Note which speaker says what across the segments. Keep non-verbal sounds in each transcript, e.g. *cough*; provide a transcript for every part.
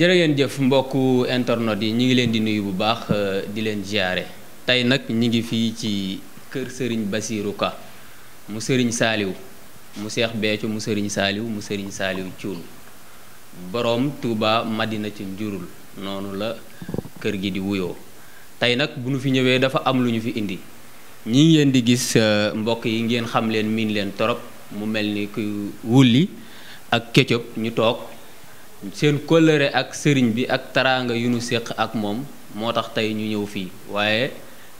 Speaker 1: jërë ngeen jëf mbokku internet yi ñu ngi leen di nuyu bu baax euh, di leen ziare tey nag ñu ngi fii ci kër sëriñ basiiru Ka mu Serigne saaliw mu Cheikh Béthio mu Serigne Saliou mu Serigne Saliou Thioune boroom tuuba maddina ci njurul noonu la kër gi di wuyoo tey nag bu nu fi ñëwee dafa am lu ñu fi indi ñi ngeen di gis euh, mbokk yi ngeen xam leen miin leen torop mu mel ni ku wulli ak kécop ñu toog seen kóllëre ak sëriñ bi ak taraanga yu nu séq ak moom moo tax tey ñu ñëw fii waaye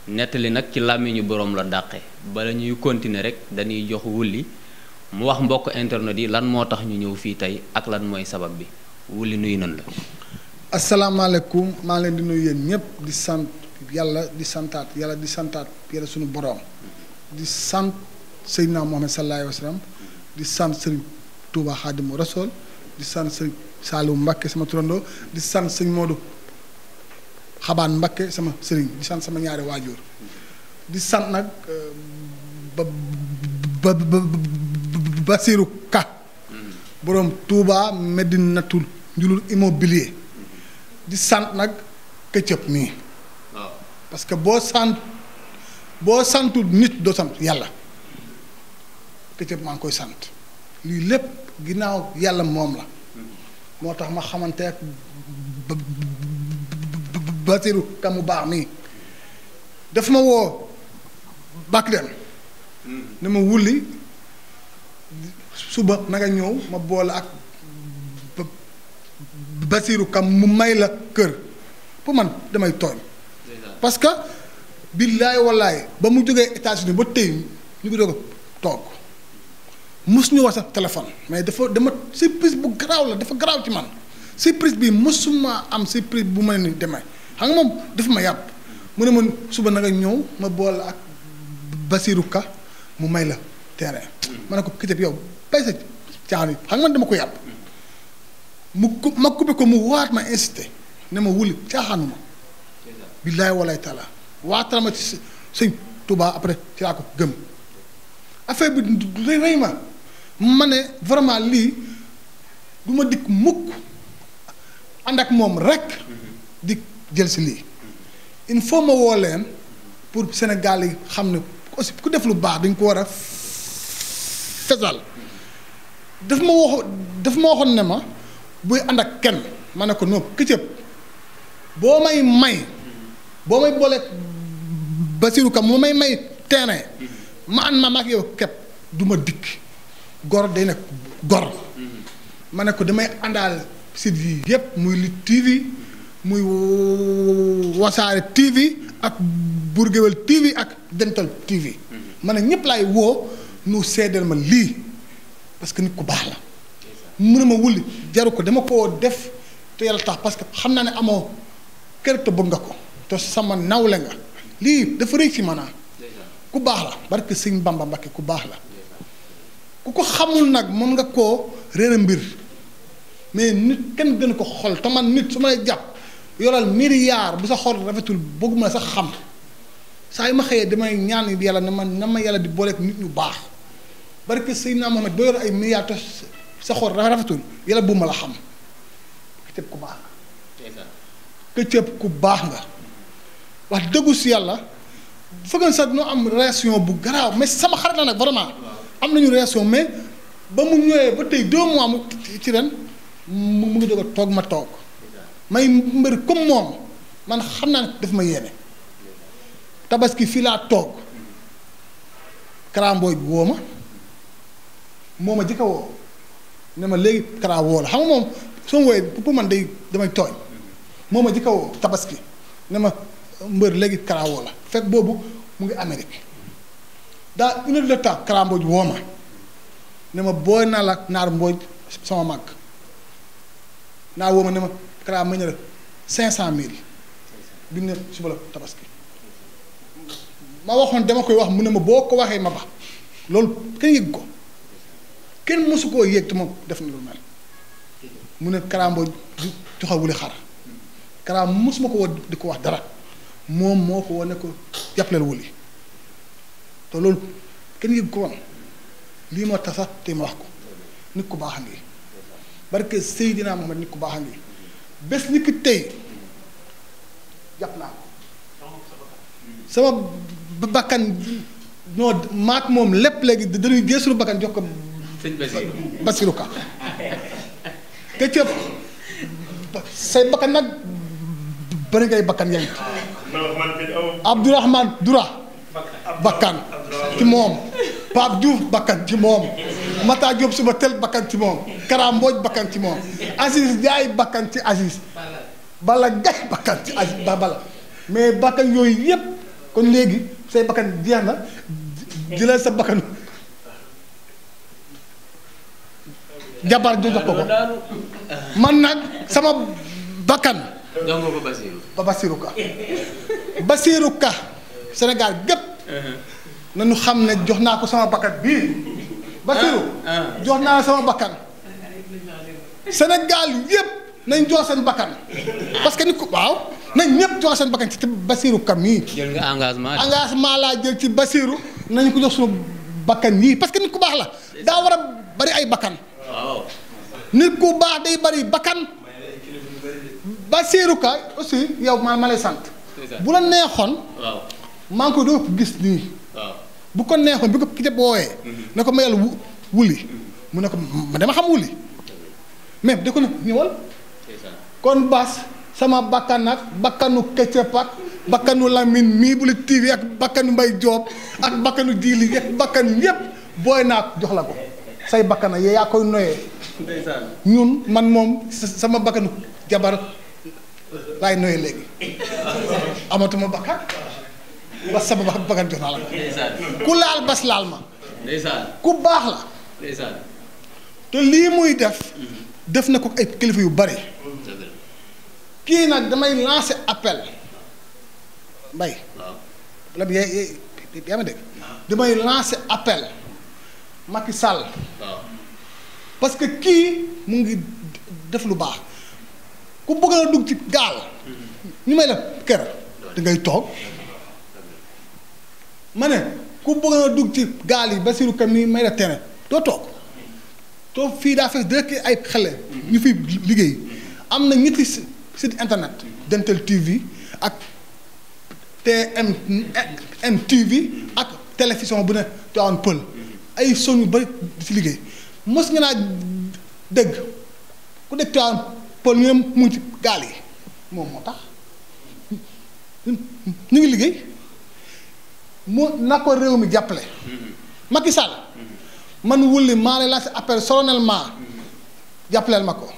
Speaker 1: nettali nag ci làmmiñu boroom la dàqe bala ñuy continuer rek dañuy jox wulli mu wax mbokk internet yi lan moo tax ñu ñëw fii tey ak lan mooy sabab bi wulli nuyu nan la asalaamaaleykum maa leen di nuyu yéen ñépp di sant yàlla di santaat yàlla di santaat yàlla suñu boroom di sant Seydina Muhammad sallallahu alayhi wa sallam di sant Sëriñ Tuuba Xaadimu Rasuul di sant Sëriñ Saalum Mbakke sama turandoo di sant sëñ Modou xabaat Mbakke sama sëriñ di sant sama ñaari waajur di sant nag eh, ba ba Basiru Ka borom Touba Medinatul njulul immobilier di sant nag këccëb nii parce que boo sant boo santul nit doo sant yàlla këccëb maa ngi koy sant lii lépp ginnaaw yàlla moom la moo tax ma xamante ak Basiru ka mu baax mii daf ma woo bàkk leen ni ma wulli suba na nga ñëw ma boole ak Basiru kam mu may la kër pour man damay tooñ parce que billaay wallaay ba mu jógee États-Unis ba tey ñu ngi doog a toog mus ñu wax sax téléphone mais dafa dama surprise bu garaaw la dafa garaaw ci man surprise bi mosuma am surprise bu ma ni demee xam nga moom dafa ma yàpp mu ne ma suba na ñëw ma boole ak Basirou Ka mu may la terrain ne ko kitab yow bay sa caan yi xam ko yàpp mu ku ko mu waat ma incité ne ma wuli caaxaanuma billaay walaay taala waatal ma ci sëñ Touba après ci laa ko gëm affaire bi rëy ma ma ne vraiment lii duma dikk mukk ànd ak moom rek di jël si lii il faut ma woo leen pour Sénégal yi xam ne aussi ku def lu baax dañ ko war a fesal daf ma wax daf ma waxoon ne ma buy ànd ak kenn ma ne ko non këccëb boo may may boo may booleeg Basirou Kam mu may may terrain ma ànd ma ak yow képp duma dikk. gor day nekk gor ma ne ko damay àndal site yi yëpp muy Lutte TV muy wasaare TV ak Bourguewel TV ak Dental TV mhm. ma ne ñëpp laay woo nu seedeel ma lii parce que nit ku baax la mën ma wulli jaru ko dama koo def te yàlla tax parce que xam naa ne amoo kër te nga ko te sama nawle nga lii dafa rëy ci maanaam ku baax la barke si Bamba Mbakke ku baax la ku ko xamul nag mën nga koo réer mbir mais nit kenn gën ko xol te man nit su may jàpp yoral milliard bu sa xol rafetul bëgguma sax xam saa yi ma xëyee damay ñaan yàlla na ma na ma yàlla di booleeg nit ñu baax barke Seydina Mohamed boo yoral ay milliard te sa xol rafetul yàlla bu ma la xam këccëb ku baax nga këccëb ku baax nga wax dëggu si yàlla fëggan sax dina am relation bu garaaw mais sama xarit la nag vraiment am nañu réaction mais ba mu ñëwee ba tey deux mois ci ren mu ngi jóg a toog ma toog may mbër comme moom man xam naa ne daf ma yéene tabaski fii laa toog karambooy bi woo ma moo ma jëkka woo ma léegi karaa la xam moom soo man day damay tooñ moo ma jëkka tabaski ma mbër léegi karaa la fekk boobu mu ngi Amérique daa une heure de temps Kara Mbodj woo ne ma booy naa la naar Mbodj sama mag naa woo ma ne ma Kara ma ne cent mille bi ne suba la tabaski ma waxoon dama koy wax mu ne ma boo ko waxee ma ba loolu kenn yëg ko kenn mësu koo yëg te moom def na ma mel mu ne Kara Mbodj joxawule xar Kara mësuma ko woo di ko wax dara moom moo ko woo ne ko jàppaleel wuli te loolu kenn yëg ko woon lii moo tax sax te ma wax ko nit ku baax a ngi barke Seydina Muhammad nit ku baax a ngi bés ni ki tey jàpp naa ko sama bakkan ñoo maak moom lépp léegi dañuy jël suñu bakkan jox ko Basiru Ka say bakkan nag bëri ngay bakkan yaay Abdourahmane Dura bakkan ci moom Pape Diouf bakkan ci moom Mata Diop suba tel bakkan ci moom Kara bakkan ci moom Aziz Ndiaye bakkan ci Aziz Balla Gaye bakkan ci Aziz ba Balla mais bakkan yooyu yépp kon léegi say bakkan jeex na jëlal sa bakkanu jabar ju ko ko man nag sama bakkan ba Basirou Ka Sénégal gépp uh-huh. nañu xam ne jox naa ko sama bakkan bii Bassirou ah, ah. jox naa sama bakkan Sénégal yépp nañ jox seen bakkan parce que ni ko waaw nañ ñëpp jox seen bakkan ci Bassirou Kam yi jël engagement engagement laa jël ci nañ ko jox suñu bakkan yii que nit ku baax la daa war a bari ay bakkan nit ku baax day bari bakkan Bassirou Ka aussi yow maa ma lay sant bu la neexoon maa ngi ko doo gis nii bu ko neexoon bi ko ki jëpp wooyee. Mhm. na ko mayal wu wuli. Mhm. mu ne ko ma dama xam wuli. mais da ko ni wal kon baas sama bakkan ak bakkanu Ketchup ak bakkanu Lamine mii bu la TV ak bakkanu Mbay Joob ak bakkanu Jili ak bakkan yépp booy naa jox la ko say bakkana yee yaa koy noyee ñun man moom sama bakkanu jabar laay noyee léegi *laughs* amatuma bakkan bas sama ba bagan jox naa la ku laal bas laal ma ku baax la te lii muy def mm-hmm. def na ko ay kilifa yu bari kii nag damay lancer appel mbay la bi yaay appel Macky Sall parce que kii mu ngi def lu baax ku bëgg a dugg ci gaal mm-hmm. ñu may la kër da toog ma ne ku bëgg a dugg ci gaal yi Bassirou Ka ni may def terrain doo toog toog fii daa fees direct ay xele ñu fi liggéey am na ñetti site internet Dental TV ak TMM TV ak télévision bu ne Tivaouane Peul ay son yu bari di ci liggéey mos nga naa dégg ku dégg Tivaouane Peul ñu ne mu ci gaal yi moom moo tax ñu ngi liggéey mu na ko réew mi jàppale. Mm-hmm. Macky Sall mm-hmm. man wulli maa lay lancé appel solennellement mm-hmm. jàppaleel ma ko.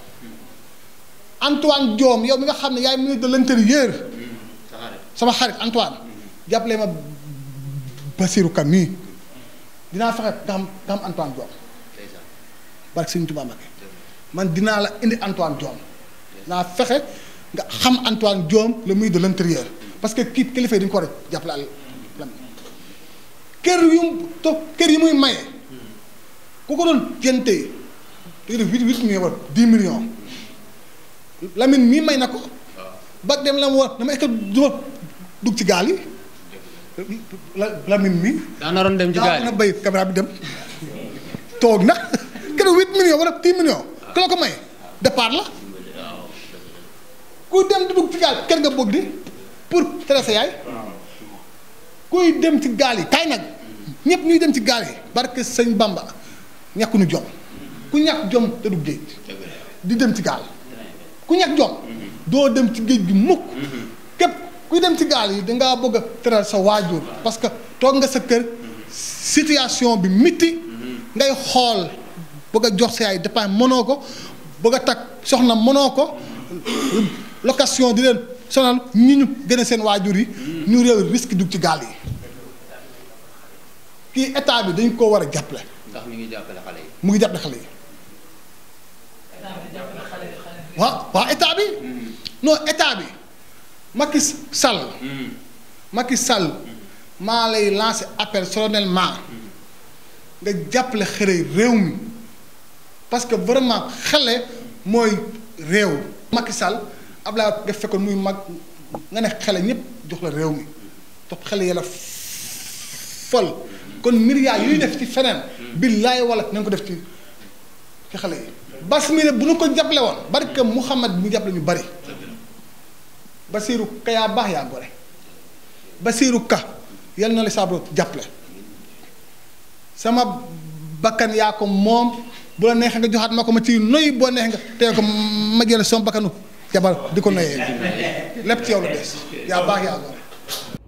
Speaker 1: Antoine joom yow mi nga xam ne yaay ministre de l'intérieur sama xarit Antoine jàppale ma Bassirou Kami dinaa fexe nga xam Antoine Diome dinaa la indi Antoine fexe nga xam Antoine Diome le ministre de l'intérieur parce que kii kilifa yi dañu ko war a jàppale al kër yu mu kër yi muy maye ku ko doon jëndee da def huit huit millions wala dix millions Lamine mii may na ko. ba dem la mu war dama est du ma dugg ci gaal yi. Lamine mii. daa naroon dem ci gaal yi na béy caméra bi dem toog na kër huit millions wala dix millions. ku la ko may départ la. ku dem dugg ci gaal kër nga bëgg di pour traiter yaay. Ah. kuy dem ci gaal yi kaay nag ñëpp ñuy dem ci gaal yi barke sëñ Bamba ñàkkunu nu jom ku ñàkk jom te du géej di dem ci gaal ku ñàkk jom doo dem ci géej gi mukk képp kuy dem ci gaal yi dangaa bëgg a teral sa waajur parce que toog nga sa kër situation bi miti ngay xool bëgg a jox sa yaay dépense mënoo ko bëgg a takk soxna mënoo ko location di leen sonal ñi ñu gën a seen waajur yi ñu réew risque du ci gaal yi kii état bi dañ koo war a jàppale. ndax mu ngi jàppale xale yi. waaw waaw état bi. Mm-hmm. non état bi. Macky Sall. Mm-hmm. Macky Sall. Mm-hmm. maa lay lancer appel solennellement. nga jàppale xale réew mi. parce que vraiment xele mooy réew. Macky Sall Abdoulaye nga fekkoon muy mag nga ne xale ñëpp jox la réew mi topp xale yàlla fol. kon milliards yu def ci feneen. billaay wala nañ ko def ci ci xale yi. bas mi ne bu ñu ko jàppale woon barke Mouhamad mu jàppale ñu bari. Basiirou Ka yaa baax yaa gore Basiirou Ka yal na la jàppale sama bakkan yaa ko moom nga joxaat ma ko ma ci noy boo neexee nga tey ko sama bakkanu jabar di ko noyee lépp ci yow la des yaa baax yaa gore